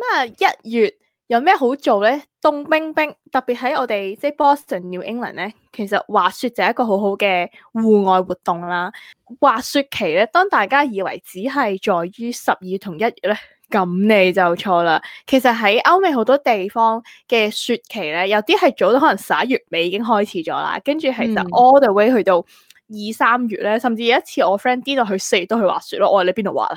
咁啊，一月有咩好做咧？凍冰冰，特別喺我哋即係 Boston、New England 咧，其實滑雪就係一個好好嘅戶外活動啦。滑雪期咧，當大家以為只係在於十二同一月咧，咁你就錯啦。其實喺歐美好多地方嘅雪期咧，有啲係早到可能十一月尾已經開始咗啦，跟住其實 all the way 去到。二三月咧，甚至有一次我 friend 啲就去四月都去滑雪咯。我話你邊度滑啊？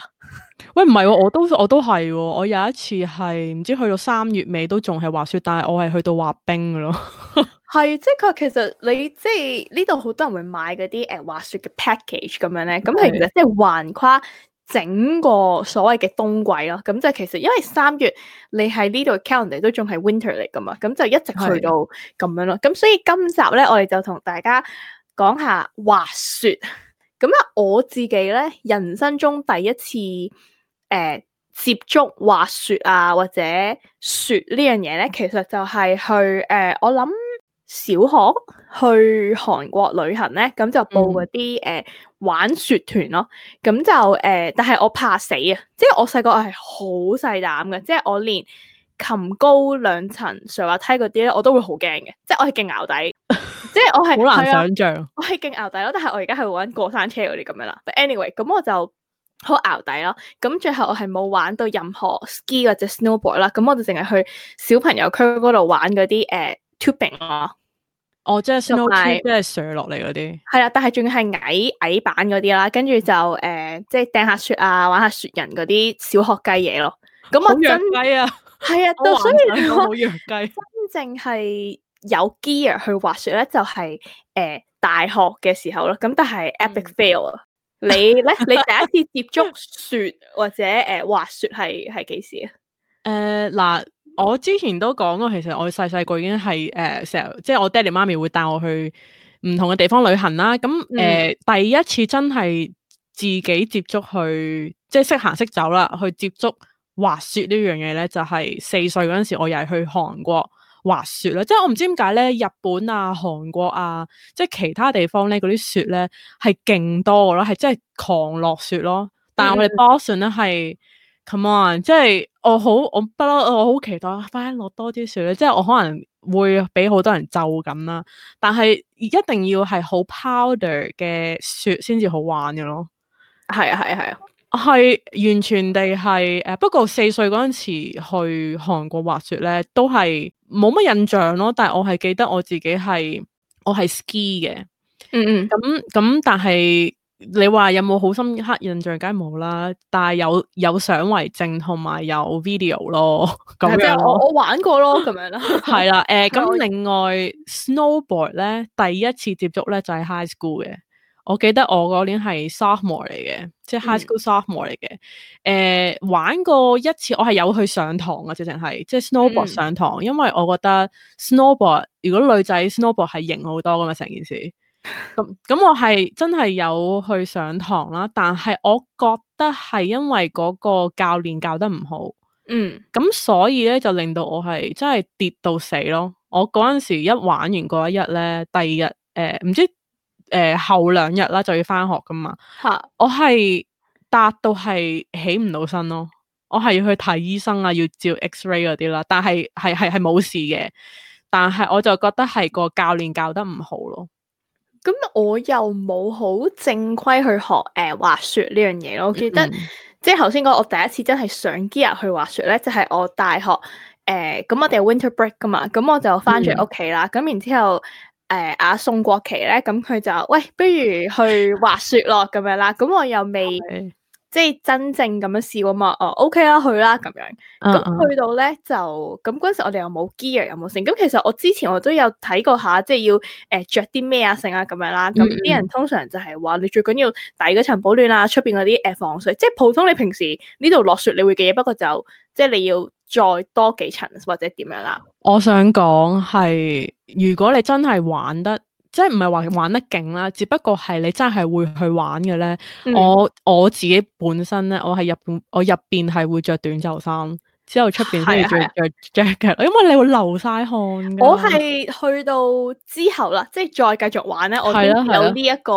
喂，唔係啊，我都我都係啊。我有一次係唔知去到三月尾都仲係滑雪，但係我係去到滑冰噶咯。係，即係佢其實你即係呢度好多人會買嗰啲誒滑雪嘅 package 咁樣咧，咁係即係橫跨整個所謂嘅冬季咯。咁就其實因為三月你喺呢度 calendar 都仲係 winter 嚟噶嘛，咁就一直去到咁樣咯。咁的所以今集咧，我哋就同大家。講下滑雪，咁啊我自己咧，人生中第一次誒、呃、接觸滑雪啊，或者雪呢樣嘢咧，其實就係去誒、呃，我諗小學去韓國旅行咧，咁就報嗰啲誒玩雪團咯，咁就誒、呃，但係我怕死啊，即係我細個係好細膽嘅，即係我連琴高兩層水滑梯嗰啲咧，我都會好驚嘅，即係我係勁淆底。即係我係好難想象，啊，我係勁淆底咯，但係我而家係玩過山車嗰啲咁樣啦。But Anyway，咁、嗯、我就好淆底咯。咁、嗯、最後我係冇玩到任何 ski 或者 snowboard 啦、嗯。咁我就淨係去小朋友區嗰度玩嗰啲誒 tubing 咯。呃、ing，哦，即係上落即係上落嚟嗰啲。係啦、嗯，但係仲要係矮矮板嗰啲啦，跟住就誒、呃、即係掟下雪啊，玩下雪人嗰啲小學雞嘢咯。咁我真雞啊？係啊、嗯，都所以我冇養雞。真正係。 有 gear 去滑雪咧，就係、是、誒、呃、大學嘅時候咯。咁但係 epic fail 啊！嗯、你咧，你第一次接觸雪或者誒、呃、滑雪係係幾時啊？誒嗱、呃，我之前都講過，其實我細細個已經係誒成日，即係我爹哋媽咪會帶我去唔同嘅地方旅行啦。咁誒、呃嗯、第一次真係自己接觸去，即係識行識走啦，去接觸滑雪呢樣嘢咧，就係四歲嗰陣時，我又係去韓國。滑雪咧，即係我唔知點解咧，日本啊、韓國啊，即係其他地方咧，嗰啲雪咧係勁多噶咯，係真係狂落雪咯。但係我哋 Boston 咧係 come on，即係我好我不嬲，我好期待快啲落多啲雪咧。即係我可能會俾好多人就咁啦，但係一定要係好 powder 嘅雪先至好玩嘅咯。係啊係啊係啊，係、啊啊、完全地係誒。不過四歲嗰陣時去韓國滑雪咧，都係。冇乜印象咯，但係我係記得我自己係我係 ski 嘅，嗯嗯，咁咁、嗯嗯嗯、但係你話有冇好深刻印象，梗係冇啦，但係有有相為證，同埋有，有 video 咯，咁樣咯我，我玩過咯，咁樣 啦，係、呃、啦，誒、嗯，咁另外 snowboard 咧，第一次接觸咧就係、是、high school 嘅。我記得我嗰年係 sophomore 嚟嘅，即係 high school sophomore 嚟嘅。誒、嗯呃，玩過一次，我係有去上堂嘅，直情係即係 snowboard 上堂，嗯、因為我覺得 snowboard 如果女仔 snowboard 係型好多噶嘛，成件事。咁咁， 我係真係有去上堂啦，但係我覺得係因為嗰個教練教得唔好。嗯。咁所以咧，就令到我係真係跌到死咯。我嗰陣時一玩完嗰一日咧，第二日誒，唔、呃、知。誒，後兩日啦就要翻學噶嘛，啊、我係達到係起唔到身咯，我係要去睇醫生啊，要照 X-ray 嗰啲啦，但係係係係冇事嘅，但係我就覺得係個教練教得唔好咯。咁我又冇好正規去學誒、呃、滑雪呢樣嘢咯，我記得即係頭先我第一次真係上幾日去滑雪咧，就係、是、我大學誒咁、呃、我哋 winter break 噶嘛，咁我就翻咗屋企啦，咁、嗯、然後之後。誒，阿、呃、宋國奇咧，咁佢就喂，不如去滑雪咯，咁樣啦。咁我又未的即係真正咁樣試過啊嘛。哦，O K 啦，去啦咁樣。咁、嗯嗯、去到咧就咁嗰陣時我 ar,，我哋又冇 gear，又冇剩。咁其實我之前我都有睇過下，即係要誒着啲咩啊剩啊咁樣啦。咁啲、嗯嗯、人通常就係話你最緊要抵嗰層保暖啊，出邊嗰啲誒防水，即係普通你平時呢度落雪你會嘅，不過就即係你要。再多幾層或者點樣啦？我想講係，如果你真係玩得，即係唔係話玩得勁啦，只不過係你真係會去玩嘅咧。嗯、我我自己本身咧，我係入我入邊係會着短袖衫，之後出邊都要着着 Jacket，因為你會流晒汗。我係、啊、去到之後啦，即係再繼續玩咧，我有呢一個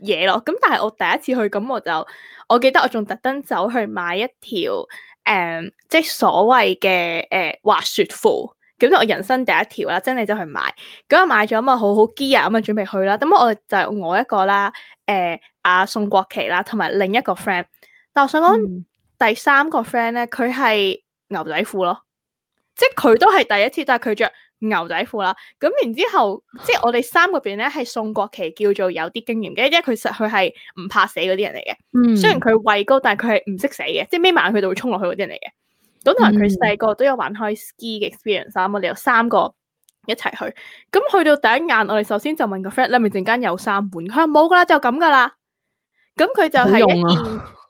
嘢咯。咁、啊啊、但係我第一次去，咁我就我記得我仲特登走去買一條。誒、um, 呃，即係所謂嘅誒滑雪褲，咁就我人生第一條啦，即係你就去買，咁啊買咗咁啊好好 gear，咁啊準備去啦，咁啊我就我一個啦，誒、呃、阿、啊、宋國奇啦，同埋另一個 friend，但我想講、嗯、第三個 friend 咧，佢係牛仔褲咯，即係佢都係第一次，但係佢着。牛仔褲啦，咁然之後即係我哋三個邊咧係宋國旗叫做有啲經驗嘅，因為佢實佢係唔怕死嗰啲人嚟嘅。嗯，雖然佢畏高，但係佢係唔識死嘅，即係眯埋佢就會衝落去嗰啲人嚟嘅。咁同埋佢細個都有玩開 ski 嘅 experience 衫，嗯，我哋有三個一齊去。咁去到第一眼，我哋首先就問個 friend，咧咪陣間有三本？佢話冇噶啦，就咁噶啦。咁佢就係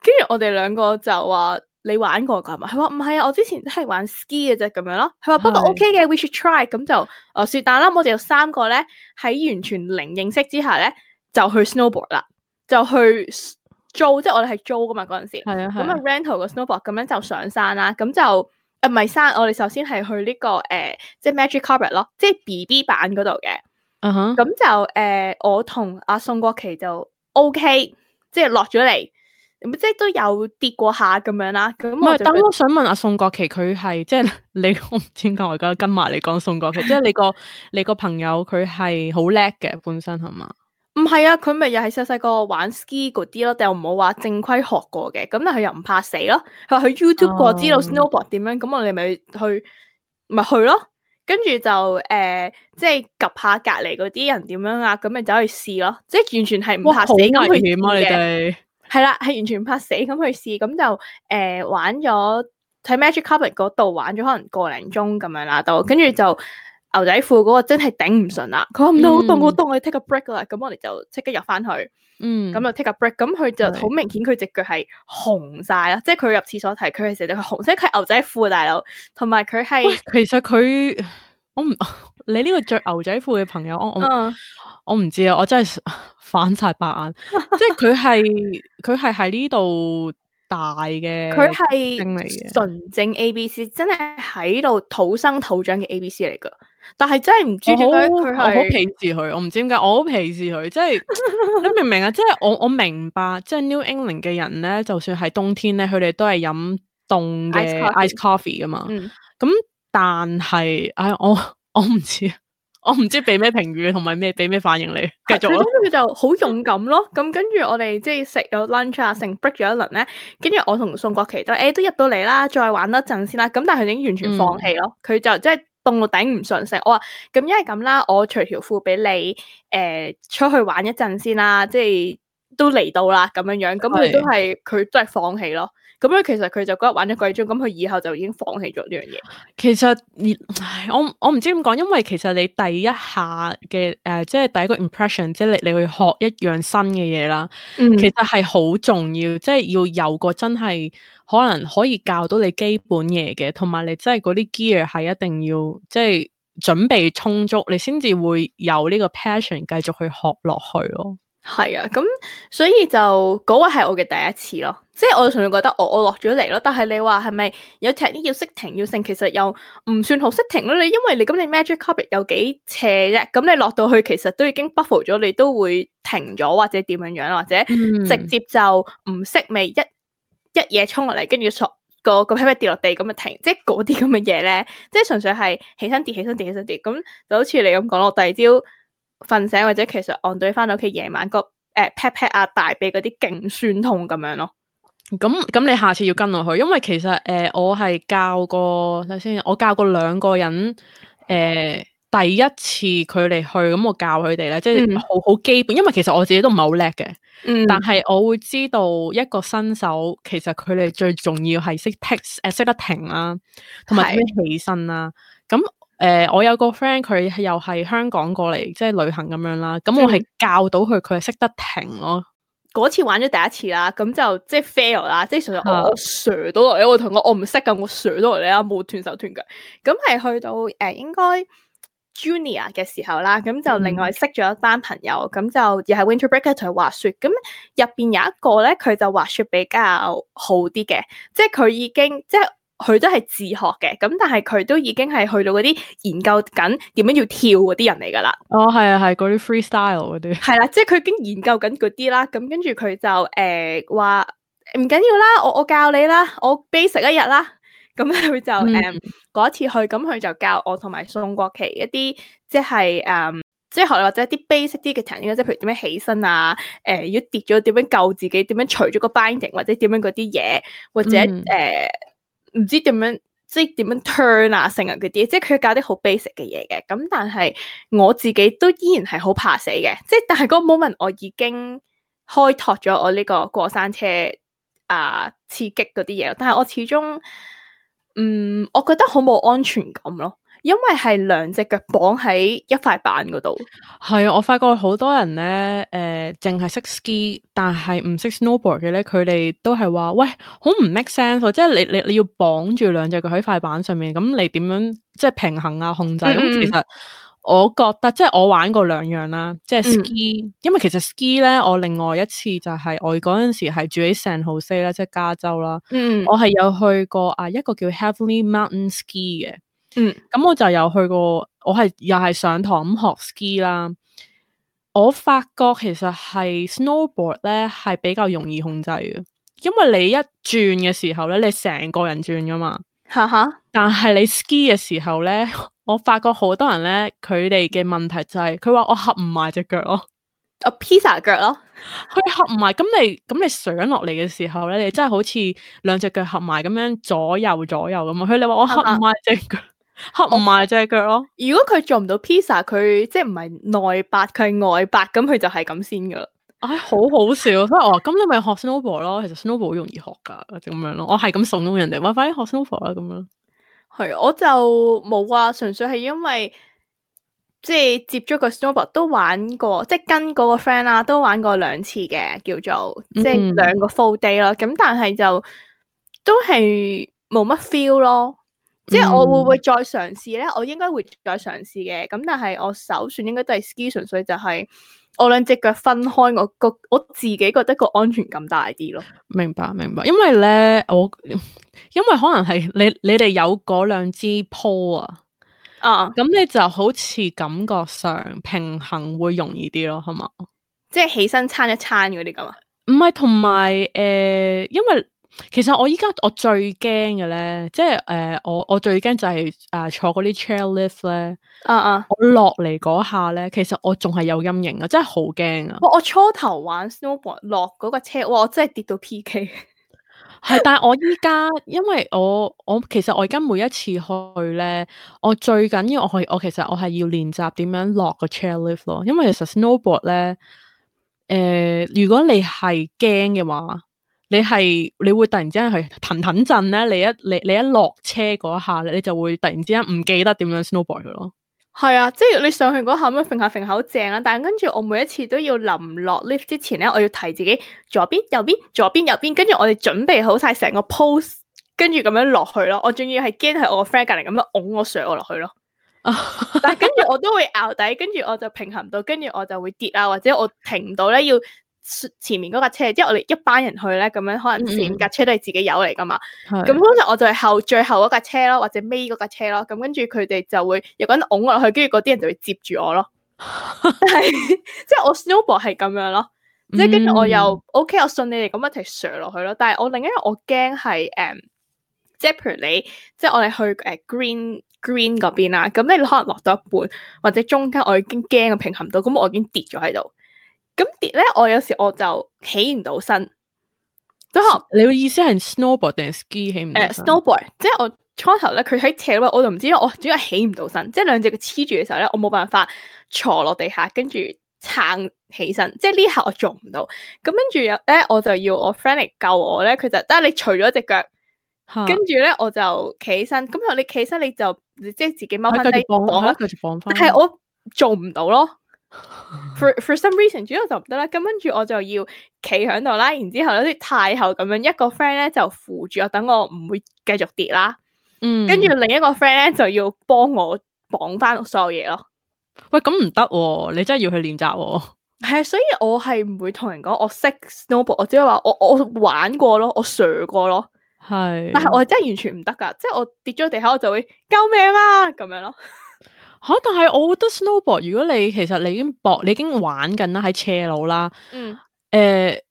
跟住我哋兩個就話你玩過噶嘛？佢話唔係啊，我之前都係玩 ski 嘅啫，咁樣咯。佢話係嘅不過 OK 嘅，we should try。咁就啊，雪大啦，我哋有三個咧，喺完全零認識之下咧，就去 snowboard 啦，就去租，即係我哋係租噶嘛嗰陣時。係啊係。咁啊 rental 個 snowboard，咁樣就上山啦。咁就誒唔係山，我哋首先係去呢、這個誒、呃、即係 magic carpet 咯，即係 BB 版嗰度嘅。嗯咁、uh huh。就誒、呃、我同阿宋國琦就 OK，即係落咗嚟。即係都有跌過下咁樣啦，咁唔等我想問阿宋國奇佢係即係你我唔知點解我而家跟埋你講宋國奇，即係 你個你個朋友佢係好叻嘅本身係嘛？唔係啊，佢咪又係細細個玩 ski 嗰啲咯，但又唔好話正規學過嘅，咁但佢又唔怕死咯。佢話去 YouTube 過知道 snowboard 點、啊、樣，咁我哋咪去咪去咯。跟住就誒、呃，即係及下隔籬嗰啲人點樣啊？咁咪走去試咯，即係完全係唔怕死好危險啊！你哋。係啦，係完全唔怕死咁去試，咁就誒、呃、玩咗喺 Magic Carpet 嗰度玩咗可能個零鐘咁樣啦，到跟住就牛仔褲嗰個真係頂唔順啦，佢話唔到好凍好凍，我哋 take a break 啦，咁我哋就即刻入翻去，嗯，咁就 take a break，咁佢、嗯、就好明顯佢隻腳係紅晒啦，的即係佢入廁所睇，佢嘅時候就紅色，即係佢係牛仔褲大佬，同埋佢係，其實佢。我唔，你呢個着牛仔褲嘅朋友，我我、嗯、我唔知啊，我真係反晒白眼，即係佢係佢係喺呢度大嘅，佢係純正 A B C，真係喺度土生土長嘅 A B C 嚟噶，但係真係唔知點解，我好鄙視佢，我唔知點解，我好鄙視佢，即係你明唔明啊？ 即係我我明白，即係 New England 嘅人咧，就算係冬天咧，佢哋都係飲凍嘅 ice coffee 噶嘛，咁、嗯。但係，唉、哎，我我唔知，我唔知俾咩評語，同埋咩俾咩反應你？繼續佢 就好勇敢咯。咁跟住我哋即係食咗 lunch 啊，成 break 咗一輪咧。跟住我同宋國奇都誒、欸，都入到嚟啦，再玩多陣先啦。咁但係佢已經完全放棄咯。佢、嗯、就即係凍到頂唔順食。我話咁，因為咁啦，我除條褲俾你，誒、呃，出去玩一陣先啦。即係都嚟到啦，咁樣樣。咁佢都係，佢都係放棄咯，咯。咁樣，其實佢就覺得玩咗貴張，咁佢以後就已經放棄咗呢樣嘢。其實，我我唔知點講，因為其實你第一下嘅誒、呃，即係第一個 impression，即係你你去學一樣新嘅嘢啦，嗯、其實係好重要，即係要有個真係可能可以教到你基本嘢嘅，同埋你真係嗰啲 gear 係一定要即係準備充足，你先至會有呢個 passion 繼續去學落去咯。係啊，咁所以就嗰、嗰個係我嘅第一次咯，即係我純粹覺得我我落咗嚟咯。但係你話係咪有踢啲要識停要成，其實又唔算好識停咯。你因為你咁 mag 你 magic carpet 有幾斜啫，咁你落到去其實都已經 buffer 咗，你都會停咗或者點樣樣，或者直接就唔識咪一一嘢衝落嚟，跟住索個、嗰個 pat pat 跌落地咁咪停，即係嗰啲咁嘅嘢咧，即係純粹係起身跌起身跌起身跌，咁就好似你咁講咯，我第二朝。瞓醒或者其實按 n 隊返到屋企，夜晚個誒 pat pat 啊，大髀嗰啲勁酸痛咁樣咯，咁咁你下次要跟落去，因為其實誒、呃、我係教個睇先，我教過兩個人誒、呃、第一次佢哋去，咁我教佢哋咧，即係好好基本，因為其實我自己都唔係好叻嘅，嗯，但係我會知道一個新手其實佢哋最重要係識 pat 誒識得停啦，同埋點起身啦、啊，咁是。嗯誒、呃，我有個 friend，佢又係香港過嚟，即係旅行咁樣啦。咁我係教到佢，佢係識得停咯。嗰次玩咗第一次啦，咁就即係 fail 啦。即係其實我 fail 到嚟，我同佢我唔識㗎，我 fail 到嚟啦，冇斷手斷腳。咁係去到誒、呃、應該 junior 嘅時候啦，咁就另外識咗一班朋友，咁、嗯、就又係 winter breaker 同佢滑雪。咁入邊有一個咧，佢就滑雪比較好啲嘅，即係佢已經即係。佢都係自學嘅，咁但係佢都已經係去到嗰啲研究緊點樣要跳嗰啲人嚟㗎啦。哦，係啊，係嗰啲 freestyle 嗰啲。係啦，即係佢已經研究緊嗰啲啦。咁跟住佢就誒話唔緊要啦，我我教你啦，我 basic 一日啦。咁佢就誒嗰一次去，咁佢就教我同埋宋國奇一啲即係誒，即係、學、或者一啲 basic 啲嘅層面。即係譬如點樣起身啊，誒、呃，如果跌咗點樣救自己，點樣除咗個 binding 或者點樣嗰啲嘢，或者誒。呃嗯唔知點樣，即係點樣 turn 啊，成啊嗰啲，即係佢搞啲好 basic 嘅嘢嘅。咁但係我自己都依然係好怕死嘅，即係但係嗰個 moment 我已經開拓咗我呢個過山車啊刺激嗰啲嘢，但係我始終，嗯，我覺得好冇安全感咯。因為係兩隻腳綁喺一塊板嗰度，係啊！我發覺好多人咧，誒、呃，淨係識 ski，但係唔識 snowboard 嘅咧，佢哋都係話，喂，好唔 make sense，、哦、即係你你你要綁住兩隻腳喺塊板上面，咁你點樣即係平衡啊控制？咁、嗯、其實我覺得，即係我玩過兩樣啦，即係 ski，、嗯、因為其實 ski 咧，我另外一次就係、是、我嗰陣時係住喺 San Jose 啦，即係加州啦，嗯，我係有去過啊一個叫 Heavenly Mountain Ski 嘅。嗯，咁我就有去過，我係又係上堂咁、嗯、學 ski 啦。我發覺其實係 snowboard 咧係比較容易控制嘅，因為你一轉嘅時候咧，你成個人轉噶嘛。吓吓、uh huh. 但係你 ski 嘅時候咧，我發覺好多人咧，佢哋嘅問題就係、是，佢話我合唔埋隻腳咯，我 pizza 腳咯，佢合唔埋。咁你咁你上落嚟嘅時候咧，你真係好似兩隻腳合埋咁樣左右左右咁啊。佢你話我合唔埋隻腳。Uh huh. 合唔埋隻腳咯！呵如果佢做唔到披薩，佢即係唔係內八，佢係外八，咁佢就係咁先噶啦。唉、哎，好好笑，所以話咁你咪學 Snowball 咯。其實 Snowball 好容易學噶，就咁樣咯。我係咁慫恿人哋，喂，快啲學 Snowball 啦咁樣。係，我就冇啊，純粹係因為即係接觸個 Snowball 都玩過，即係跟嗰個 friend 啊，都玩過兩次嘅，叫做、嗯、即係兩個 full day、啊、咯。咁但係就都係冇乜 feel 咯。即係我會唔會再嘗試咧？我應該會再嘗試嘅。咁但係我首選應該都係 ski，純粹就係我兩隻腳分開，我個我自己覺得個安全感大啲咯。明白，明白。因為咧，我因為可能係你你哋有嗰兩支 pole 啊，啊、uh，咁、uh，你就好似感覺上平衡會容易啲咯，好嘛？即係起身撐一撐嗰啲咁啊？唔係，同埋誒，因為。其實我依家我最驚嘅咧，即係誒、呃，我我最驚就係、是、誒、呃、坐嗰啲 chairlift 咧，啊啊，我落嚟嗰下咧，其實我仲係有陰影啊，真係好驚啊！我初頭玩 snowboard 落嗰個車，哇，我真係跌到 PK。係，但係我依家因為我我其，我，我，我，我其實我而家每一次去咧，我最緊要係我其實我係要練習點樣落個 chairlift 咯，因為其實 snowboard 咧，誒、呃，如果你係驚嘅話。你係你會突然之間係騰騰震咧，你一你你一落車嗰一下咧，你就會突然之間唔記得點樣 snowboard 佢咯。係啊，即係你上去嗰下咁樣揈下揈下好正啊，但係跟住我每一次都要臨落 lift 之前咧，我要提自己左邊右邊左邊右邊，跟住我哋準備好晒成個 pose，跟住咁樣落去咯。我仲要係驚喺我 friend 隔籬咁樣拱我上我落去咯。 但係跟住我都會拗底，跟住我就平衡到，跟住我就會跌啊，或者我停唔到咧要，前面嗰架車，即係我哋一班人去咧，咁樣可能四五架車都係自己有嚟噶嘛。咁、嗯嗯、通常我就係後最後嗰架車咯，或者尾嗰架車咯。咁跟住佢哋就會有個人拱落去，跟住嗰啲人就會接住我咯。係， 即係我 Snowboard 係咁樣咯。即係跟住我又、嗯、O、okay, K，我信你哋咁一齊 sir 落去咯。但係我另一，我驚係誒，um, 即係譬如你，即係我哋去誒、uh, green green 嗰邊啦。咁你可能落到一半或者中間，我已經驚我平衡到，咁我已經跌咗喺度。咁跌咧，我有時我就起唔到身。都好、嗯， 你嘅意思係 snowboard 定 ski 起唔到身？誒、uh,，snowboard，即係我初頭咧，佢喺斜位，我就唔知我點解起唔到身，即係兩隻腳黐住嘅時候咧，我冇辦法坐落地下，跟住撐起身。即係呢下我做唔到。咁跟住咧，我就要我 friend 嚟救我咧。佢就得、啊，你除咗隻腳，跟住咧我就企起身。咁你企起身你就即係自己踎喺度，放啦，繼放翻。但係我做唔到咯。for for some reason，主要就唔得啦。咁跟住我就要企喺度啦，然之後有啲太后咁樣，一個 friend 咧就扶住我，等我唔會繼續跌啦。嗯，跟住另一個 friend 咧就要幫我綁翻所有嘢咯。喂，咁唔得，你真係要去練習喎。係啊，所以我係唔會同人講我識 snowboard，我只係話我我玩過咯，我上過咯。係，但係我真係完全唔得噶，即係我跌咗地下，我就會救命啊咁樣咯。吓、啊！但係我覺得 snowboard 如果你其實你已經搏，你已經玩緊啦，喺斜路啦。嗯。誒、呃，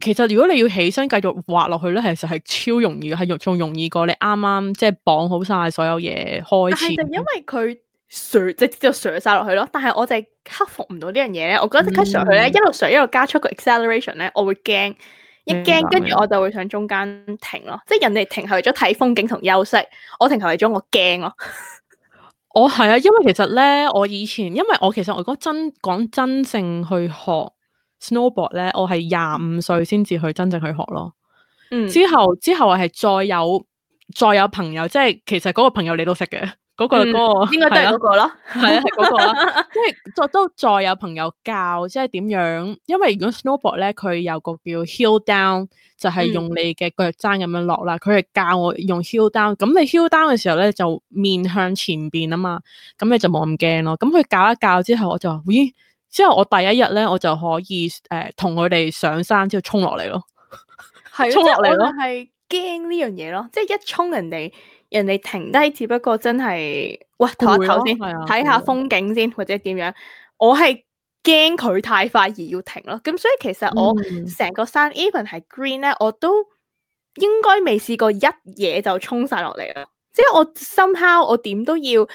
其實如果你要起身繼續滑落去咧，其實係超容易，係容仲容易過你啱啱即係綁好曬所有嘢開始。但係就因為佢上直接就上晒落去咯，但係我就係克服唔到呢樣嘢咧。我覺得即刻上去咧，嗯，一路上一路加速個 acceleration 咧，我會驚，一驚跟住我就會想中間停咯。即係人哋停係為咗睇風景同休息，我停係為咗我驚咯。我係、哦、啊，因為其實咧，我以前因為我其實我如果真講真正去學 snowboard 咧，我係廿五歲先至去真正去學咯。嗯、之後之後我係再有再有朋友，即係其實嗰個朋友你都識嘅。嗰、那個，嗰、嗯那個，應該都係嗰個咯，係啊，係嗰、 啊、個，即係再都再有朋友教，即係點樣？因為如果 snowboard 咧，佢有個叫 heel down，就係用你嘅腳踭咁樣落啦。佢係、嗯、教我用 heel down，咁你 heel down 嘅時候咧，就面向前邊啊嘛，咁你就冇咁驚咯。咁佢教一教之後，我就話，咦？之後我第一日咧，我就可以誒同佢哋上山之後衝落嚟咯，係衝落嚟咯。係驚呢樣嘢咯，即、就、係、是、一衝人哋。人哋停低，只不過真係，喂，擰頭先，睇下家風景先，家或者點樣？家我係驚佢太快而要停咯。咁、嗯、所以其實我成個山 even 係 green 咧，我都應該未試過一嘢就沖晒落嚟啦。即係我深烤，我點都要，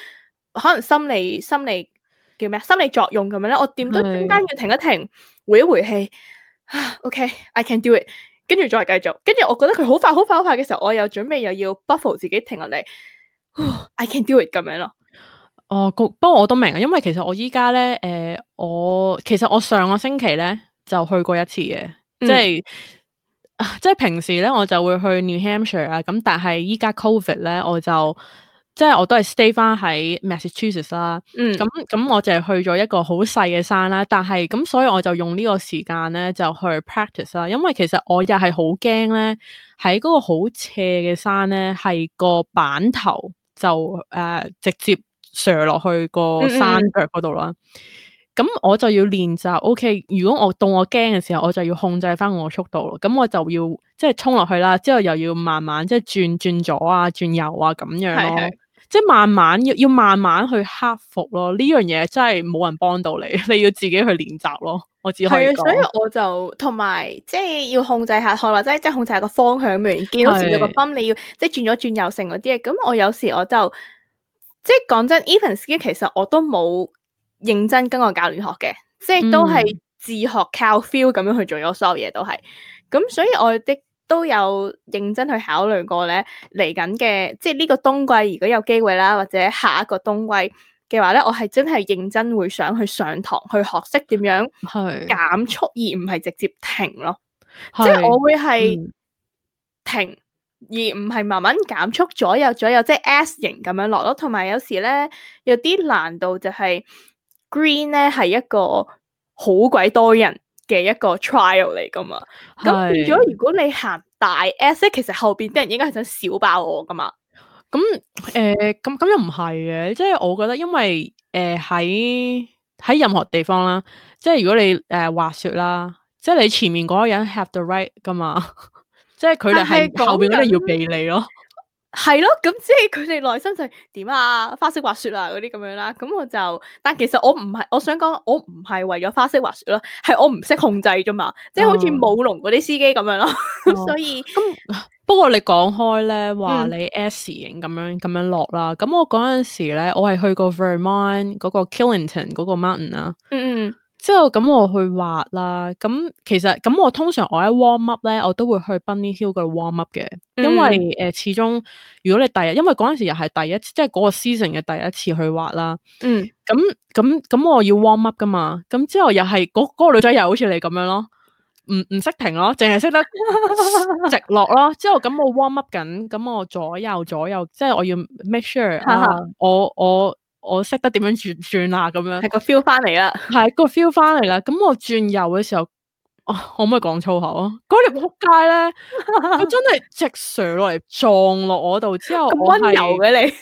可能心理心理，心理叫咩？心理作用咁樣咧，我點都間要停一停，的回一回氣。o、okay, k I can do it。跟住再係繼續，跟住我覺得佢好快好快好快嘅時候，我又準備又要 buffle 自己停落嚟。I can do it 咁樣咯。哦，不過我都明啊，因為其實我依家咧，誒、呃，我其實我上個星期咧就去過一次嘅，即係、嗯、即係平時咧我就會去 New Hampshire 啊，咁但係依家 COVID 咧我就。即係我都係 stay 翻喺 Massachusetts 啦，咁咁、嗯嗯、我就係去咗一個好細嘅山啦，但係咁所以我就用呢個時間咧就去 practice 啦，因為其實我又係好驚咧喺嗰個好斜嘅山咧係個板頭就誒、呃、直接斜落去個山腳嗰度啦，咁、嗯嗯、我就要練習。OK，如果我到我驚嘅時候，我就要控制翻我速度咯，咁我就要即係衝落去啦，之後又要慢慢即係轉轉左啊，轉右啊咁樣咯。即係慢慢要要慢慢去克服咯，呢樣嘢真係冇人幫到你，你要自己去練習咯。我只係係啊，所以我就同埋即係要控制下，或或者即係控制下個方向。未見到前面個分，的你要即係轉咗轉右成嗰啲。咁我有時我就即係講真，even ski 其實我都冇認真跟個教練學嘅，即係都係自學、嗯、靠 feel 咁樣去做咗所有嘢，都係。咁所以我的。都有認真去考慮過咧，嚟緊嘅即係呢個冬季，如果有機會啦，或者下一個冬季嘅話咧，我係真係認真會想去上堂去學識點樣減速，而唔係直接停咯。是即係我會係停，是而唔係慢慢減速左右左右，即係 S 型咁樣落咯。同埋有，有時咧有啲難度就係 Green 咧係一個好鬼多人。嘅一個 trial 嚟噶嘛，咁變咗如果你行大 S 咧，其實後邊啲人應該係想笑爆我噶嘛。咁誒，咁咁又唔係嘅，即係我覺得因為誒喺喺任何地方啦，即係如果你誒、呃、滑雪啦，即係你前面嗰個人 have the right 噶嘛， 即係佢哋係後邊嗰啲要避你咯。係咯，咁即係佢哋內心就點啊，花式滑雪啊嗰啲咁樣啦、啊。咁我就，但其實我唔係，我想講我唔係為咗花式滑雪咯、啊，係我唔識控制啫嘛，哦、即係好似舞龍嗰啲司機咁樣咯、啊。哦、 所以咁、哦、不過你講開咧，話你 S 型咁樣咁、嗯、樣落啦。咁我嗰陣時咧，我係去過 Vermont 嗰個 Killington 嗰個 mountain 啊。嗯嗯。之後咁我去畫啦，咁其實咁我通常我喺 warm up 咧，我都會去 Bunny Hill 嗰度 warm up 嘅，因為誒、嗯、始終如果你第日，因為嗰陣時又係第一，即係嗰個 season 嘅第一次去畫啦。嗯。咁咁咁，我要 warm up 噶嘛，咁之後又係嗰、嗰個女仔又好似你咁樣咯，唔唔識停咯，淨係識得直落咯。之後咁我 warm up 緊，咁我左右左右，即係我要 make sure 我我。我我識得點樣轉轉啊，咁樣係個 feel 翻嚟啦，係、嗰個 feel 翻嚟啦。咁我轉右嘅時候，哦、啊，可唔可以講粗口啊？嗰條撲街咧，佢真係直上落嚟撞落我度之後，咁溫柔嘅你，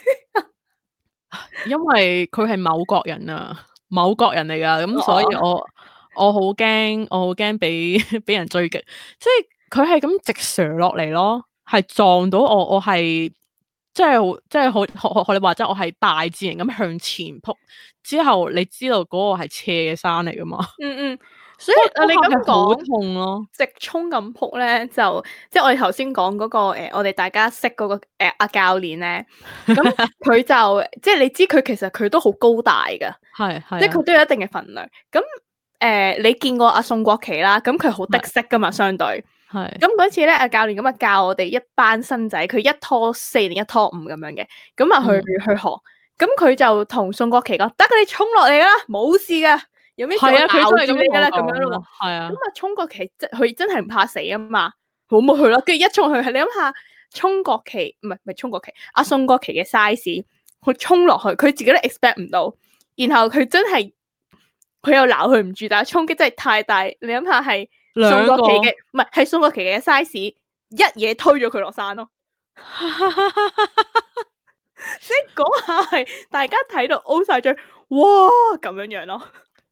因為佢係某國人啊，某國人嚟噶，咁所以我我好驚，我好驚俾俾人追擊，即係佢係咁直上落嚟咯，係撞到我，我係。即係即係，我我我你話即係我係大自然咁向前撲，之後你知道嗰個係斜嘅山嚟噶嘛？嗯嗯，所以、啊啊啊、所以你咁講，好痛咯！直衝咁撲咧，就即係、就是、我哋頭先講嗰個、呃、我哋大家識嗰、那個阿、呃啊、教練咧，咁、嗯、佢就 即係你知佢其實佢都好高大噶，係係，即係佢都有一定嘅份量。咁、嗯、誒、呃，你見過阿、啊、宋國棋啦？咁佢好得色噶嘛，相對。 係咁嗰次咧，阿教練咁啊教我哋一班新仔，佢一拖四定一拖五咁樣嘅，咁啊去、嗯、去學，咁佢就同宋國奇講：得，你衝落嚟啦，冇事嘅，有咩就鬧住你噶啦，咁樣咯。係啊，咁、嗯、啊冲國奇，即係佢真係唔怕死啊嘛，好冇去咯。跟住一衝去，你諗下，冲國奇唔係唔係冲國奇，阿、啊、宋國奇嘅 size，佢衝落去，佢自己都 expect 唔到，然後佢真係，佢又鬧佢唔住，但係沖擊真係太大，你諗下係。宋國琦嘅唔係，係宋國琦嘅 size 一嘢推咗佢落山咯。即 係下，係大家睇到 O 晒嘴，哇咁樣樣咯，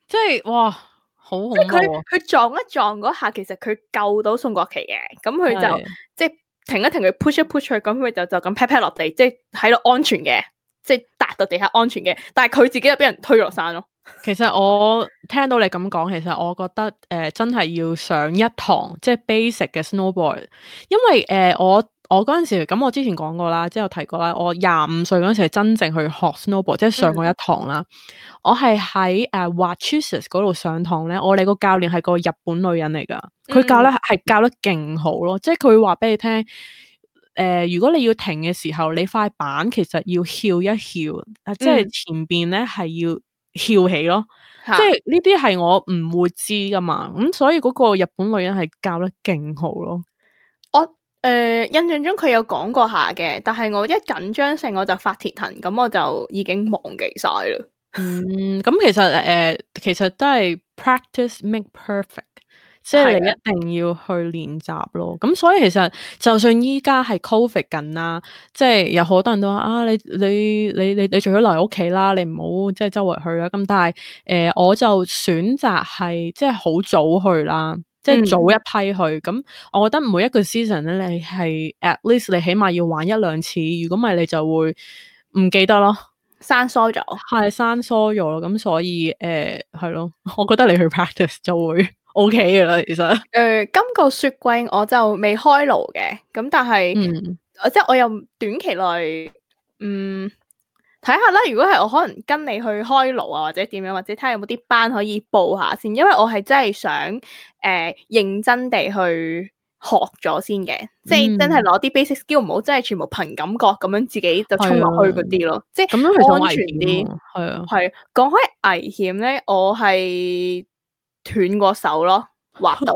即係哇好恐怖、啊。佢撞一撞嗰下，其實佢救到宋國琦嘅，咁、嗯、佢就的即係停一停佢 push 一 push 出去，咁佢就就咁 pat pat 落地，即係喺度安全嘅，即係笪到地下安全嘅，但係佢自己又俾人推落山咯。其實我聽到你咁講，其實我覺得誒、呃、真係要上一堂即係、就是、basic 嘅 snowboard，因為誒、呃、我我嗰陣時咁、嗯、我之前講過啦，即係提過啦，我廿五歲嗰陣時係真正去學 snowboard，即係上過一堂啦。嗯、我係喺誒 w a t c h e s 嗰度上堂咧，我哋個教練係個日本女人嚟㗎，佢教咧係、嗯、教得勁好咯，即係佢話俾你聽，誒、呃、如果你要停嘅時候，你塊板其實要翹一翹，即係前邊咧係要。嗯翹起咯，即係呢啲係我唔會知噶嘛，咁、嗯、所以個日本女人係教得勁好咯。我誒、呃、印象中佢有講過下嘅，但係我一緊張性我就發鐵藤，咁我就已經忘記晒啦，嗯。嗯，咁、嗯、其實誒、呃、其實都係 practice make perfect。即係你一定要去練習咯，咁所以其實就算依家係 COVID 緊啦，即係有好多人都話啊，你你你你你仲要留喺屋企啦，你唔好即係周圍去啦。咁但係誒、呃，我就選擇係即係好早去啦，即係早一批去。咁、嗯嗯、我覺得每一個 season 咧，你係 at least 你起碼要玩一兩次，如果唔係你就會唔記得咯，生疏咗。係生疏咗咯，咁所以誒係、呃、咯，我覺得你去 practice 就會。O K 嘅啦，其實誒、呃，今個雪季我就未開爐嘅，咁但係，嗯、即我即係我又短期內，嗯，睇下啦。如果係我可能跟你去開爐啊，或者點樣，或者睇下有冇啲班可以報下先，因為我係真係想誒、呃、認真地去學咗先嘅，嗯、即係真係攞啲 basic skill 唔好，真係全部憑感覺咁樣自己就衝落去嗰啲咯，嗯嗯、即係是咁樣安全啲。係啊，係講開危險咧，我係。斷過手咯，滑到，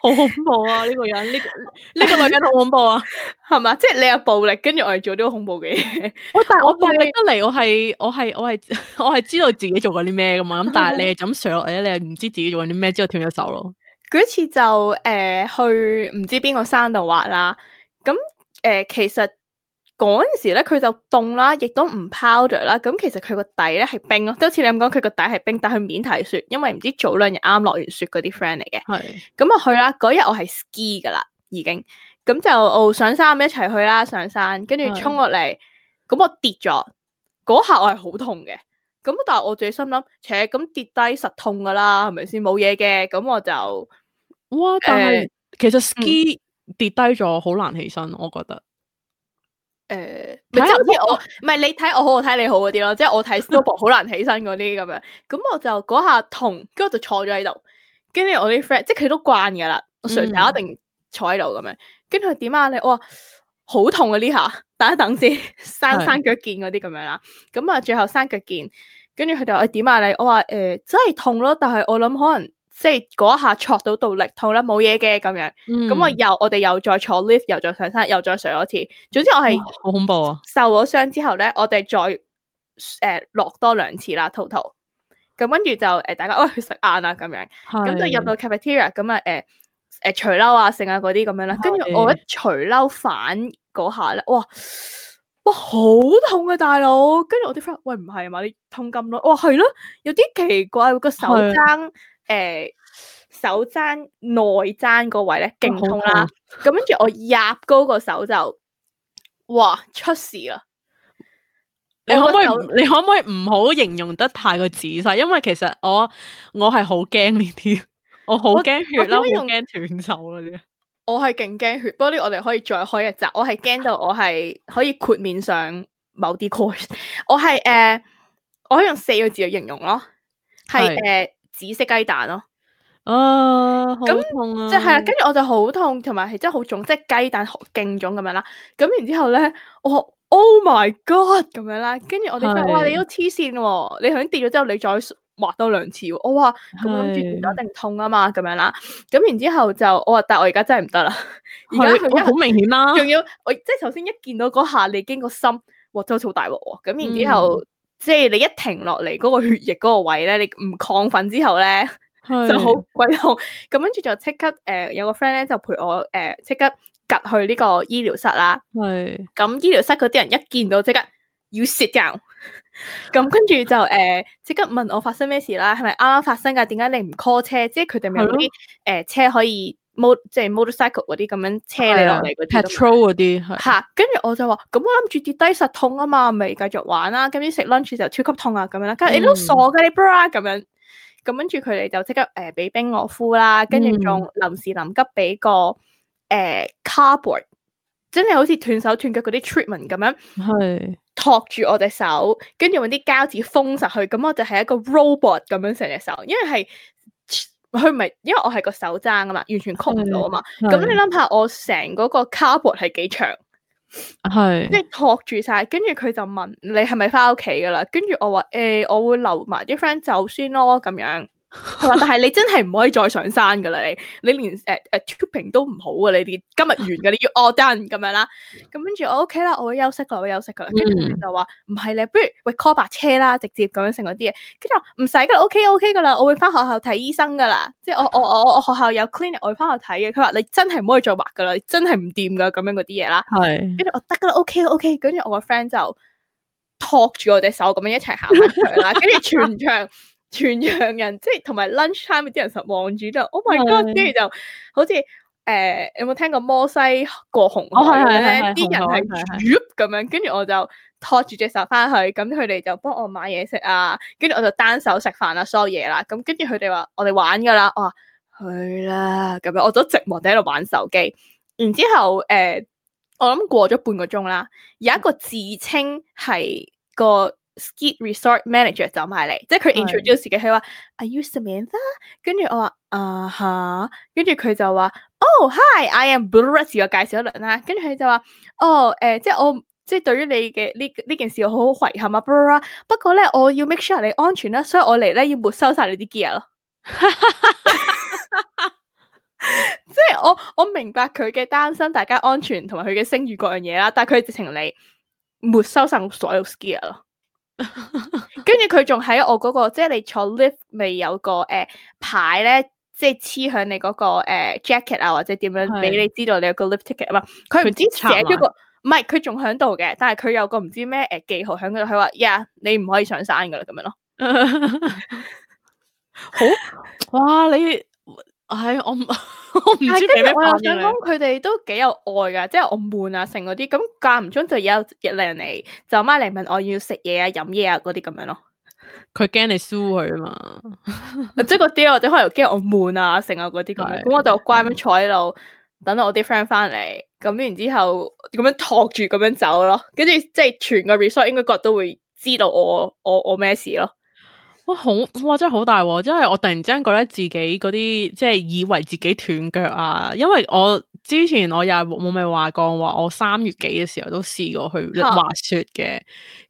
好恐怖啊！呢、這個人呢呢、這個女、這個、人好恐怖啊，係嘛？ 即係你有暴力，跟住我哋做啲恐怖嘅嘢、哦。但係我暴力得嚟，我係我係我係我係知道自己做緊啲咩噶嘛。咁但係你係咁上落嚟，或者 你係唔知自己做緊啲咩，之後斷咗手咯。嗰次、 嗯、就誒去唔、呃、知邊個山度滑啦，咁、嗯、誒其實。嗰陣時咧，佢就凍啦，亦都唔 powder 啦。咁其實佢個底咧係冰咯，即係好似你咁講，佢個底係冰，但係佢面係雪，因為唔知早兩日啱落完雪嗰啲 friend 嚟嘅。係是。咁啊去啦，嗰日我係 ski 噶啦，已經。咁就、哦、上山一齊去啦，上山跟住衝落嚟，咁是我跌咗。嗰下我係好痛嘅。咁但係我自己心諗，且咁跌低實痛噶啦，係咪先？冇嘢嘅。咁我就，哇！但係、呃、其實 ski、嗯、跌低咗好難起身，我覺得。誒，唔係、呃、即係我，唔係我你睇我好我睇你好嗰啲咯，即係我睇 stable 好難起身嗰啲咁樣，咁我就嗰下痛，跟住我就坐咗喺度，跟住我啲 friend，即係佢都慣噶啦，上有一定坐喺度咁樣，跟住佢點啊你，我話好痛啊呢下，等一等先，生伸腳腱嗰啲咁樣啦，咁啊 三最後伸腳腱，跟住佢就話點啊你，我話誒、呃、真係痛咯，但係我諗可能。即係嗰下坐到到力痛啦，冇嘢嘅咁樣。咁、嗯、我又我哋又再坐 lift，又再上山，又再上一次。總之我係好恐怖啊！受咗傷之後咧，我哋再誒落多兩次啦，total。咁跟住就誒，大家喂去食晏啦咁樣。咁就入到 cafeteria 咁啊，誒誒除褸啊，剩啊嗰啲咁樣啦。跟住我一除褸反嗰下咧，哇哇好痛啊大佬！跟住我啲 friend 喂唔係嘛你痛咁咯，哇係咯，有啲奇怪個手踭。誒、呃，手踭內踭個位咧，勁痛啦。咁跟住我壓高個手就，哇出事啦！你可唔可以？手你可唔可以唔好形容得太過仔細？因為其實我我係好驚呢啲，我好驚血咯，好驚斷手嗰啲。我係勁驚血，不過我哋可以再開一集。我係驚到我係可以豁免上某啲 course。我係誒、呃，我可以用四個字去形容咯，係誒。紫色雞蛋咯，哦，啊，咁，啊嗯就是，即係啦，跟住我就好痛，同埋係真係好重，即係雞蛋好勁腫咁樣啦。咁然之後咧，我 oh my god 咁樣啦，跟住我哋就話你都黐線喎，你響跌咗之後你再劃多兩次，我話我諗住唔一定痛啊嘛，咁樣啦。咁然之後就我話，但係我而家真係唔得啦，而家好明顯啦，啊，仲要我即係頭先一見到嗰下，你驚個心哇，真係好大鑊咁，然之後。嗯即係你一停落嚟嗰個血液嗰個位咧，你唔亢奮之後咧是 就好鬼痛，咁跟住就即刻誒有個 friend 咧就陪我誒即、呃、刻夾去呢個醫療室啦。係咁是醫療室嗰啲人一見到即刻要急救，咁跟住就誒即、呃、刻問我發生咩事啦？係咪啱啱發生噶？點解你唔 call 車？即係佢哋咪嗰啲誒車可以。冇即係 motorcycle 嗰啲咁樣車你落嚟嗰啲，petrol 嗰啲吓，跟住 我就話咁，我諗住跌低實痛啊嘛，咪繼續玩啦、啊。跟住食 lunch 就超級痛啊，咁樣啦。跟住你都傻噶，你 bra 咁樣。咁跟住佢哋就即刻誒，俾冰我敷啦，跟住仲臨時臨急俾個誒 cardboard，真係好似斷手斷腳嗰啲 treatment 咁樣，係托住我隻手，跟住用啲膠紙封實佢。咁我就係一個 robot 咁樣成隻手，因為係。佢唔係，因為我係個手踭啊嘛，完全曲唔到啊嘛。咁 你諗下，我成嗰個 cardboard 係幾長？係，即係托住晒。跟住佢就問你係咪翻屋企噶啦？跟住我話誒、欸，我會留埋啲 friend 走先咯，咁樣。 但係你真係唔可以再上山噶啦，你你連誒誒、uh, uh, t i n g 都唔好啊，你啲今日完噶，你要 order 咁樣啦。咁跟住我 OK 啦，我會休息噶，我會休息噶。跟住就話唔係咧，不如喂 call 白車啦，直接咁樣成嗰啲嘢。跟住話唔使噶 OK OK 噶啦，我會翻學校睇醫生噶啦。即係我我我我，我學校有 clinic，我會翻學校睇嘅。佢話你真係唔是可以再畫噶啦，真係唔掂噶咁樣嗰啲嘢啦。係，跟住我得噶啦，OK OK。跟住我個 friend 就托住我隻手咁樣一齊行翻去啦，跟住 全場。 全場人即係同埋 lunch time 啲人實望住，都 oh my god，跟住是就好似誒、呃、有冇聽過摩西過紅海啲、哦、人係咁樣，跟住我就拖住隻手翻去，咁佢哋就幫我買嘢食啊，跟住我就單手食飯啦，所有嘢啦，咁跟住佢哋話我哋玩噶啦，我話去啦咁樣，我都寂寞地喺度玩手機。然之後誒、呃，我諗過咗半個鐘啦，有一個自稱係個 ski resort manager 走埋嚟，即係佢 introduce 嘅。佢話是：Are you Samantha？跟住我話：啊吓。跟住佢、uh huh、就話哦、oh, hi, I am Bruce。我介紹一輪啦。跟住佢就話：哦，誒，即係我即係對於你嘅呢呢件事，我好好遺憾啊。b r a 不過咧，我要 make sure 你安全啦，所以我嚟咧要沒收晒你啲 gear 咯。即係我我明白佢嘅擔心，大家安全同埋佢嘅聲譽各樣嘢啦。但係佢直情嚟沒收晒我所有 ski gear 咯。跟住佢仲喺我嗰、那個，即係你坐 lift 未有個誒、呃、牌咧，即係黐響你嗰、那個誒、呃、jacket 啊，或者點樣俾你知道你有個 lift ticket 啊嘛是？佢唔知寫咗個，唔係佢仲喺度嘅，但係佢有個唔知咩誒記號喺度，佢話呀，yeah, 你唔可以上山噶啦，咁樣咯。好 哇你。係我唔，我唔知想講佢哋都幾有愛噶。 即係我悶啊，成嗰啲咁間唔中就有日人嚟，就媽嚟問我要食嘢啊、飲嘢啊嗰啲咁樣咯。佢驚你輸佢啊嘛， 即係嗰啲或者可能驚我悶啊，成啊嗰啲咁。咁 我就乖咁 坐喺度，等到我啲 friend 翻嚟，咁然之後咁樣托住咁樣走咯。跟住即係全個 resort 應該個個都會知道我我我咩事咯。好哇！真係好大喎，因為我突然之間覺得自己嗰啲即係以為自己斷腳啊，因為我之前我又冇咪話過話我三月幾嘅時候都試過去滑雪嘅。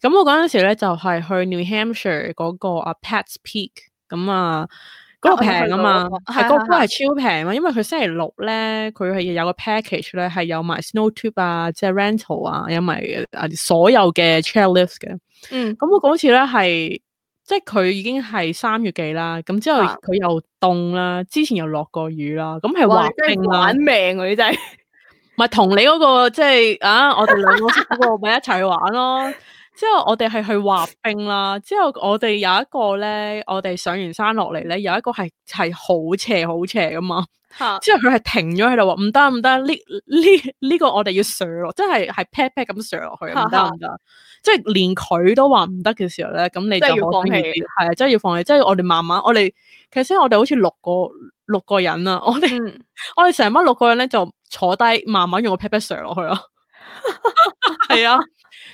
咁、啊嗯、我嗰陣時咧就係、是、去 New Hampshire 嗰、那個 Pat's Peak 咁、嗯那個、啊，嗰度平啊嘛，係嗰個係超平啊，因為佢星期六咧佢係有個 package 咧係有埋 snow tube 啊，即係 rental 啊，有埋啊所有嘅 chairlift 嘅。嗯，咁我嗰次咧係。即係佢已經係三月幾啦，咁之後佢又凍啦，之前又落過雨啦，咁係滑冰玩命嗰、啊、啲真係，同 你嗰、嗰個即係啊，我哋兩個嗰個咪一齊 去玩咯。之後我哋係去滑冰啦。之後我哋有一個咧，我哋上完山落嚟咧，有一個係係好斜好斜噶嘛。 之後佢係停咗喺度話唔得唔得，呢呢呢個我哋要上落。真，即係係 pat pat 咁上落去，唔得唔得。 即係連佢都話唔得嘅時候咧，咁你就要放棄，係啊，即係要放棄。即係我哋慢慢，我哋其實我哋好似六個六個人啊。我哋我哋成班六個人咧就坐低慢慢用個 pet pet 上落去咯，係啊。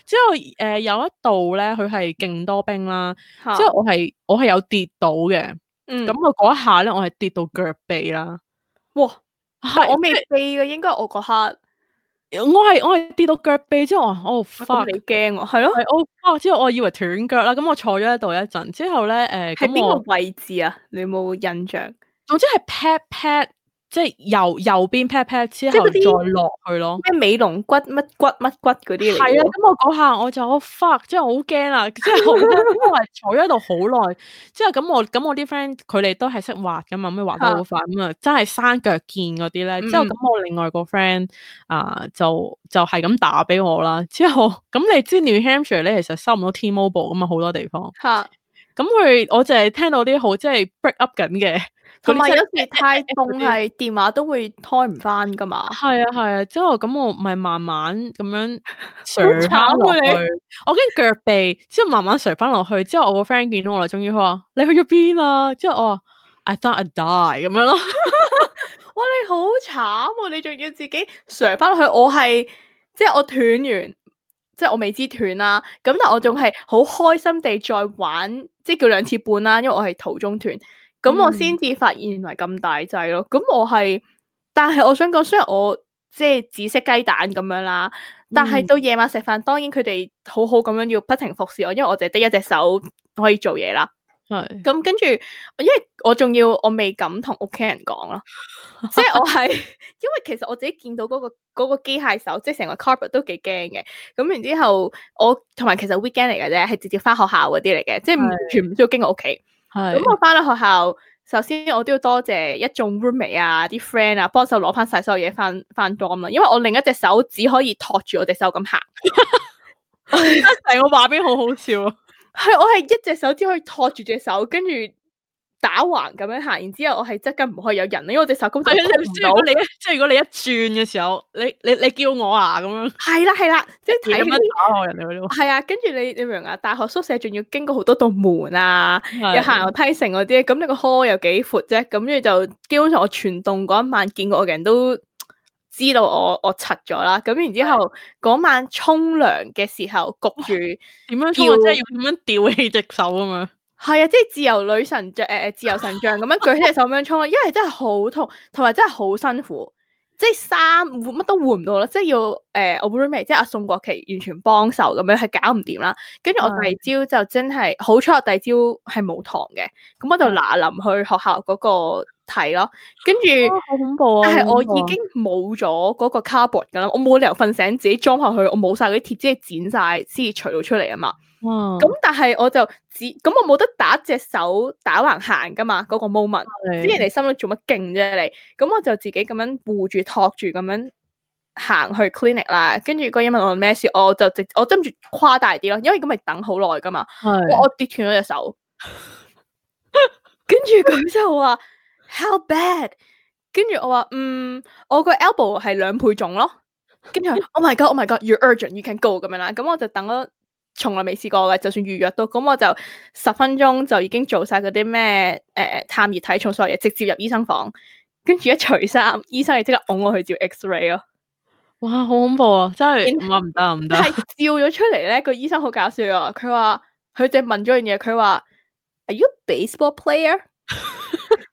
之後誒有一度咧佢係勁多兵啦，即係我係我係有跌到嘅，咁我嗰一下咧我係跌到腳臂啦，哇，係我未飛嘅，應該我嗰刻。我係我係跌到腳背之後，我翻驚，係咯，我、oh，之後我以為斷腳啦，咁我坐咗喺度一陣之後咧，誒咁我係邊個位置啊？你有冇印象，總之係 pat pat。即係右右邊劈劈之後再落去咯，咩尾龍骨乜骨乜骨嗰啲嚟？係啊，咁我嗰下我就好 fuck，即係好驚啊！即係我因為坐咗喺度好耐，之後咁我咁我啲 friend 佢哋都係識畫噶嘛，咩畫得好快咁啊， 真係山腳見嗰啲咧。之後咁我另外個 friend 啊、呃、就就係咁打俾我啦。之後咁 你知 New Hampshire 咧其實收唔到 T-Mobile 噶嘛，好多地方。 咁佢我就係聽到啲好即係 break up 緊嘅，同埋有時太凍係 電話都會 call 唔翻噶嘛。係啊係啊，之後咁我咪慢慢咁樣垂翻落去。我跟腳臂之後慢慢垂翻落去，之後我個 friend 見到我啦，終於佢話你去咗邊啊？之後我話 I thought I die 咁樣咯。 哇，你好慘啊！你仲要自己垂翻落去？我係即係我斷完，即係我未知斷啦。咁但我仲係好開心地再玩。即叫兩次半啦，因為我係途中斷，咁、嗯、我先至發現嚟咁大劑咯。咁我係，但係我想講，雖然我即係紫色雞蛋咁樣啦，但係到夜晚食飯，嗯、當然佢哋好好咁樣要不停服侍我，因為我淨係得一隻手可以做嘢啦。係是。咁跟住，因為我仲要，我未敢同屋企人講咯。 即係我係，因為其實我自己見到嗰個嗰個機械手，即係成個 carpet 都幾驚嘅。咁然之後我，我同埋其實 weekend 嚟嘅啫，係直接翻學校嗰啲嚟嘅，即係唔全部都要經過屋企。咁是我翻到學校，首先我都要多謝一眾 roommate 啊，啲 friend 啊，幫手攞翻晒所有嘢翻翻 dorm 啊。因為我另一隻手只可以托住我隻手咁行。成 個畫面好好笑啊！係 我係一隻手只可以托住隻手，跟住。打橫咁樣行，然之後我係側近唔可以有人，因為我隻手根本控唔到你。 即係如果你一轉嘅時候，你你你叫我啊咁樣。係啦係啦，即係睇。點樣打人哋？係啊，跟住你你明唔明啊？大學宿舍仲要經過好多道門啊，又的行樓的梯成嗰啲，咁你個 hall 又幾闊啫？咁跟住就基本上我全棟嗰一晚見過我嘅人都知道我我柒咗啦。咁然後之後嗰的晚沖涼嘅時候焗住，點樣沖？即係要點樣吊起隻手啊嘛？係啊，即係自由女神像，誒、呃，自由神像咁樣舉起隻手咁樣沖， 因為真係好痛，同埋真係好辛苦，即係衫換乜都換唔到啦，即係要誒、呃，我唔知咩，即係阿宋國琦完全幫手咁樣係搞唔掂啦。跟住我第二朝就真係的好彩，我第二朝係冇堂嘅，咁、嗯、我就嗱臨去學校嗰個睇咯。跟住好恐怖啊！但係我已經冇咗嗰個 cardboard 噶啦，啊啊、我冇理由瞓醒自己裝落去，我冇晒嗰啲貼紙，剪晒先至除到出嚟啊嘛。哦，咁哇但係我就自咁，我冇得打隻手打橫行噶嘛，嗰、那個 moment。啲的人哋心諗做乜勁啫你，咁我就自己咁樣護住托住咁樣行去 clinic 啦。跟住個英文問我咩事，我就直我執住誇大啲咯，因為咁咪等好耐噶嘛的。我跌斷咗隻手，跟住佢就話 how bad。跟住我話嗯，我個 elbow 係兩倍重咯。跟住 oh my god oh my god you're urgent you can go 咁樣啦。咁我就等咗。從來未試過嘅，就算預約到，咁我就十分鐘就已經做晒嗰啲咩誒探熱體重所有嘢，直接入醫生房，跟住一除衫，醫生係即刻擁我去照 X ray 咯。哇，好恐怖啊！真係唔得唔得。係照咗出嚟咧，個醫生好搞笑啊！佢話佢哋問咗樣嘢，佢話 Are you a baseball player？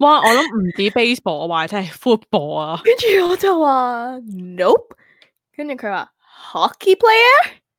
哇！我諗唔止 baseball，我話係 真係 football 啊。跟住我就話 Nope。跟住佢話 Hockey player。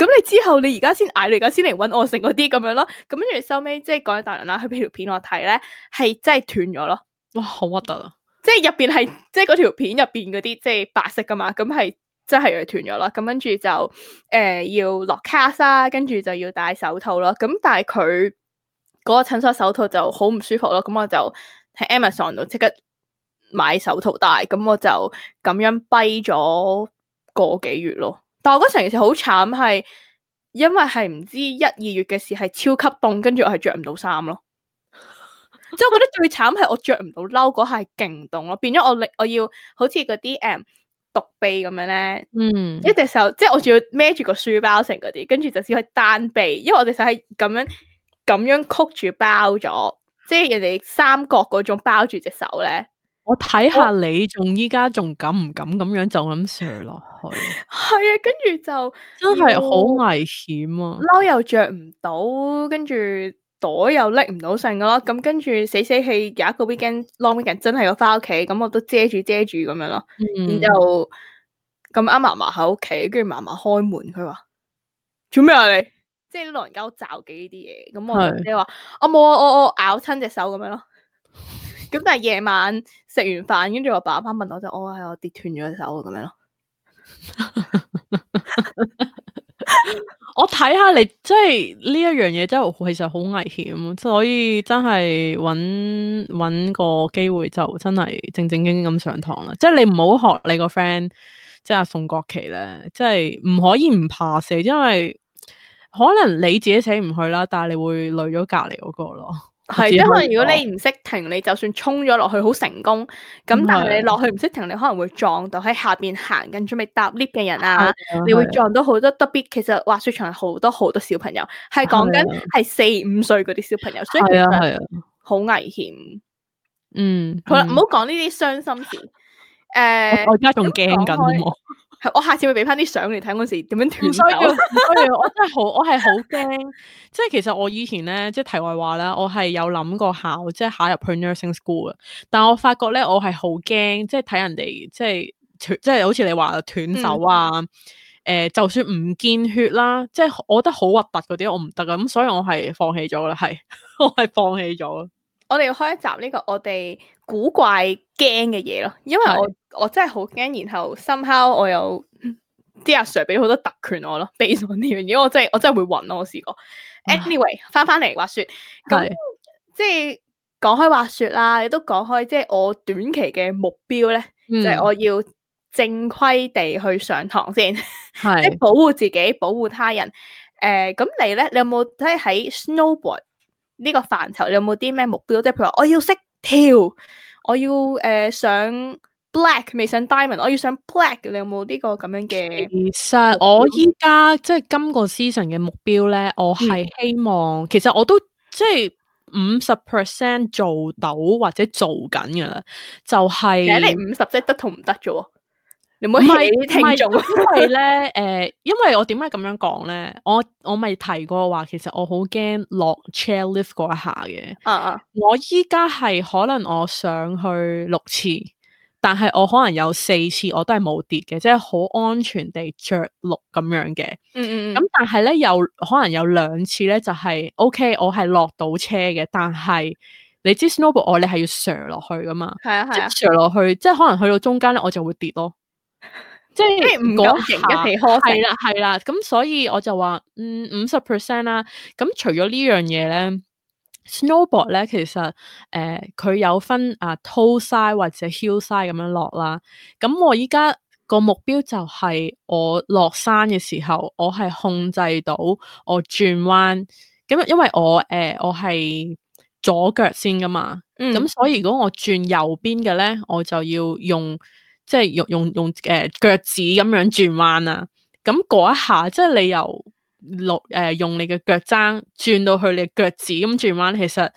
咁你之後你，你而家先嗌你而家先嚟揾我食嗰啲咁樣咯。咁跟住收尾，即係講緊大人啦，去俾條片我睇咧，係真係斷咗咯。哇，好核突啊！即係入邊係即係嗰條片入邊嗰啲即係白色噶嘛，咁係真係斷咗啦。咁跟住就誒、呃、要落卡沙，跟住就要戴手套咯。咁但係佢嗰個診所手套就好唔舒服咯。咁我就喺 Amazon 度即刻買手套戴，咁我就咁樣跛咗個幾月咯。但係我成件事好慘，係因為係唔知一二月嘅事係超級凍，跟住我係着唔到衫咯。 即係我覺得最慘係我着唔到褸嗰下勁凍咯，變咗我力我要好似嗰啲誒獨臂咁樣咧，嗯、一隻手即係我仲要孭住個書包成嗰啲，跟住就只可以單臂，因為我隻手係咁樣咁樣曲住包咗，即係人哋三角嗰種包住隻手咧。我睇下你仲依家仲敢唔敢咁樣就咁 share 落去？係啊，跟住就真係好危險啊！褸又着唔到，跟住袋又拎唔到剩咯。咁跟住死死氣有一個 weekend，long weekend 真係要翻屋企，咁我都遮住遮住咁樣咯。嗯，然之後咁啱嫲嫲喺屋企，跟住嫲嫲開門，佢話做咩啊？你即係老人家好罩忌呢啲嘢，咁我即係話我冇，我我咬親隻手咁樣咯。咁但係夜晚食完飯，跟住我爸爸問我就：我、oh, 係、哎、我跌斷咗手咁樣咯。我睇下你，即係呢一樣嘢，真係其實好危險，所以真係揾揾個機會就真係正正經經咁上堂啦。即係你唔好學你個 friend，即係阿宋國琦咧，即係唔可以唔怕死，因為可能你自己死唔去啦，但係你會累咗隔離嗰個咯。係，因為如果你唔識停，你就算衝咗落去好成功，咁但係你落去唔識停，你可能會撞到喺下邊行緊準備搭 lift 嘅人啊，你會撞到好多特別，其實滑雪場好多好多小朋友，係講緊係四五歲嗰啲小朋友，所以其實好危險。嗯，嗯好啦，唔好講呢啲傷心事。誒、呃，我而家仲驚緊。我下次會俾翻啲相嚟睇嗰時點樣斷手。我真係好，我係好驚。 即係其實我以前咧，即係題外話啦，我係有諗過考，即係考入去 nursing school 啊。但我發覺咧，我係好驚，即係睇人哋即係即係好似你話斷手啊。誒、嗯呃，就算唔見血啦，即係我覺得好核突嗰啲，我唔得啊。咁所以我係放棄咗啦，係我係放棄咗。我哋要開一集呢個我哋古怪驚嘅嘢咯，因為我的我真係好驚，然後 somehow 我有啲阿 Sir 俾好多特權我咯，避上呢樣嘢，我真係我真係會暈咯、啊，我試過。Anyway，翻翻嚟滑雪，咁唉即係講開滑雪啦，亦都講開，即係我短期嘅目標咧，即係、嗯、我要正規地去上堂先，的 即係保護自己，保護他人。誒、呃，咁你咧，你有冇睇喺 Snowboard？呢個範疇你有冇啲咩目標？即係譬如話，我要識跳，我要誒上 black 未上 diamond，我要上 black。你有冇呢個咁樣嘅？其實我依家即係今個 season 嘅目標咧，我係希望、嗯、其實我都即係五十 percent 做到或者做緊噶啦，就係、是。其實你五十即係得同唔得啫？唔係，唔係，因為咧，誒、呃，因為我點解咁樣講咧？我我咪提過話，其實我好驚落 chairlift 嗰一下嘅。啊啊、uh uh.！我依家係可能我上去六次，但係我可能有四次我都係冇跌嘅，即係好安全地著陸咁樣嘅、uh uh. 嗯。嗯嗯咁、嗯、但係咧，有可能有兩次咧，就係 OK，我係落到車嘅，但係你知 snowboard 我你係要上落去噶嘛？係啊係啊，上落、啊、去，即係可能去到中間咧，我就會跌咯。即係唔講贏一皮靴，係啦係啦，咁所以我就話，嗯，五十 percent 啦。咁、啊、除咗呢樣嘢咧，snowboard 咧，其實誒，佢、呃、有分啊，toe side 或者 heel side 咁樣落啦。咁我依家個目標就係我落山嘅時候，我係控制到我轉彎。咁因為我誒、呃，我係左腳先噶嘛，咁、嗯、所以如果我轉右邊嘅咧，我就要用。即係用用用誒腳趾咁樣轉彎啦，咁、嗯、嗰一下即係你由落誒、呃、用你嘅腳踭轉到去你嘅腳趾咁轉彎，其實誒、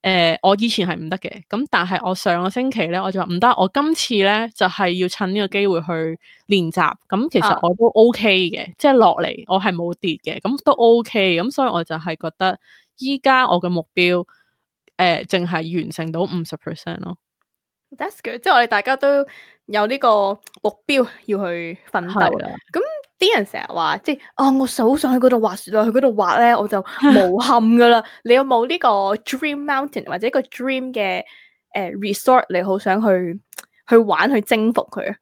呃、我以前係唔得嘅，咁但係我上個星期咧我就話唔得，我今次咧就係、是、要趁呢個機會去練習，咁、嗯、其實我、OK 啊我嗯、都 O K 嘅，即係落嚟我係冇跌嘅，咁都 O K，咁所以我就係覺得依家我嘅目標誒淨係完成到五十 percent 咯。That's good，即係我哋大家都有呢個目標要去奮鬥啦。咁啲的人成日話，即係哦，我好想上去嗰度滑雪，去嗰度滑咧，我就無憾噶啦。 你有冇呢個 Dream Mountain 或者一個 Dream 嘅誒、呃、Resort，你好想去去玩去征服佢啊？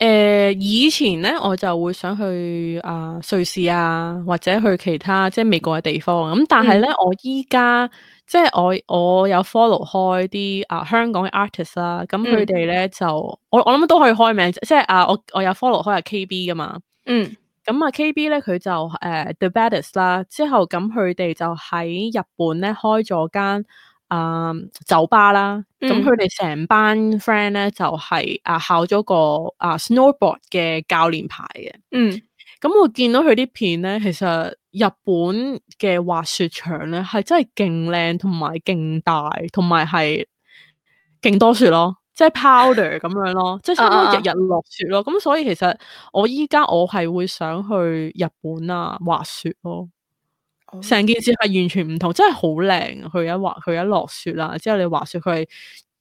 誒、呃，以前咧我就會想去啊、呃、瑞士啊，或者去其他即係美國嘅地方咁。但係咧、嗯、我依家即係我我有 follow 開啲啊、呃、香港嘅 artist 啦、啊，咁佢哋咧就、嗯、我我諗都可以開名，即係啊我我有 follow 開阿 KB 噶嘛，嗯，咁、呃、啊 KB 咧佢就誒 The Baddest 啦，之後咁佢哋就喺日本咧開咗間。啊，uh, 酒吧啦，咁佢哋成班 friend 咧就係啊考咗個啊 snowboard 嘅教練牌嘅。嗯，咁我見到佢啲片咧，其實日本嘅滑雪場咧係真係勁靚，同埋勁大，同埋係勁多雪咯，即係 powder 咁樣咯， 即係日日落雪咯。咁、uh uh. 所以其實我依家我係會想去日本啊滑雪咯。成件事係完全唔同，真係好靚。去一滑，去一落雪啦，之後你滑雪，佢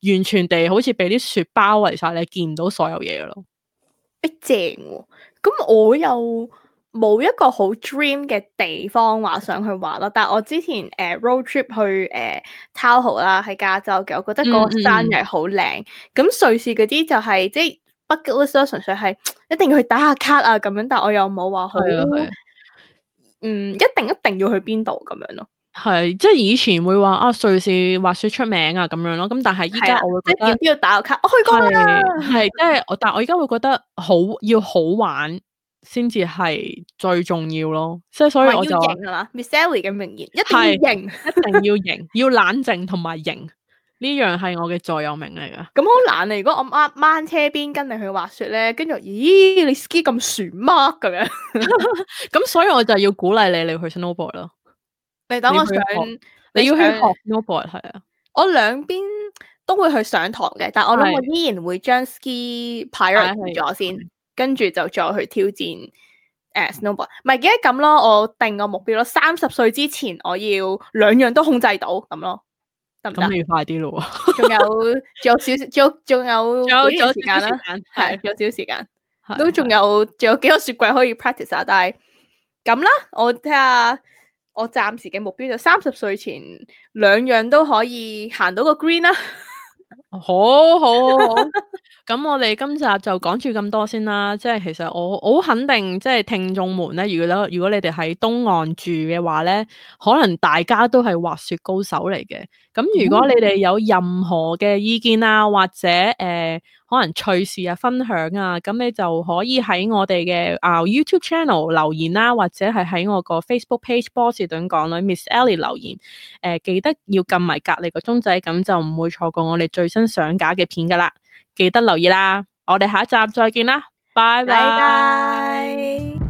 係完全地好似俾啲雪包圍晒，你見唔到所有嘢咯。逼、欸、正喎、哦，咁我又冇一個好 dream 嘅地方話想去滑咯。但係我之前誒、呃、road trip 去誒 Tahoe，呃、啦，喺加州嘅，我覺得嗰個山係好靚。咁、嗯嗯、瑞士嗰啲就係、是、即係 bucket list 純粹係一定要去打下卡啊咁樣。但我又冇話去。嗯，一定一定要去邊度咁樣咯，係即係以前會話啊瑞士滑雪出名啊咁樣咯，咁但係依家我即係要打個卡，我去過噶，係即係我，但我依家會覺得好要好玩先至係最重要咯，即係所以我就要贏啦，Miss Sally 嘅名言，一定要贏，一定要贏， 要冷靜同埋贏。呢樣係我嘅座右銘嚟噶，咁好難啊！如果我掹掹車邊，跟你去滑雪咧，跟住咦，你 ski 咁旋乜咁、啊、樣？咁 所以我就要鼓勵你，你去 snowboard 咯。你等我上，你要去，你你要去學 snowboard 係啊。想 board, 我兩邊都會去上堂嘅，但係我諗我依然會將 ski p i 去咗先，跟住的就再去挑戰誒 snowboard。咪、呃、Snow 記得咁咯，我定個目標咯，三十歲之前我要兩樣都控制到咁咯。咁你要快啲咯喎！仲有仲有少少仲仲有仲有時間啦，係仲有少少時間，都仲有仲有幾個雪櫃可以 practice 啊！但係咁啦，我睇下我暫時嘅目標就三十歲前兩樣都可以行到個 green 啦，好好好。咁我哋今集就講住咁多先啦，即係其實我好肯定，即係聽眾們咧，如果如果你哋喺東岸住嘅話咧，可能大家都係滑雪高手嚟嘅。咁如果你哋有任何嘅意見啊，或者誒、呃、可能趣事啊分享啊，咁你就可以喺我哋嘅啊 YouTube Channel 留言啦，啊，或者係喺我個 Facebook Page 波士頓講女 Miss Ellie 留言。誒、呃、記得要撳埋隔籬個鐘仔，咁就唔會錯過我哋最新上架嘅片噶啦。記得留意啦，我哋下一站再見啦，拜拜。